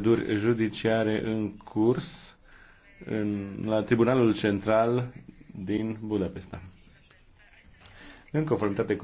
proceduri judiciare în curs în, la Tribunalul Central din Budapesta. În conformitate cu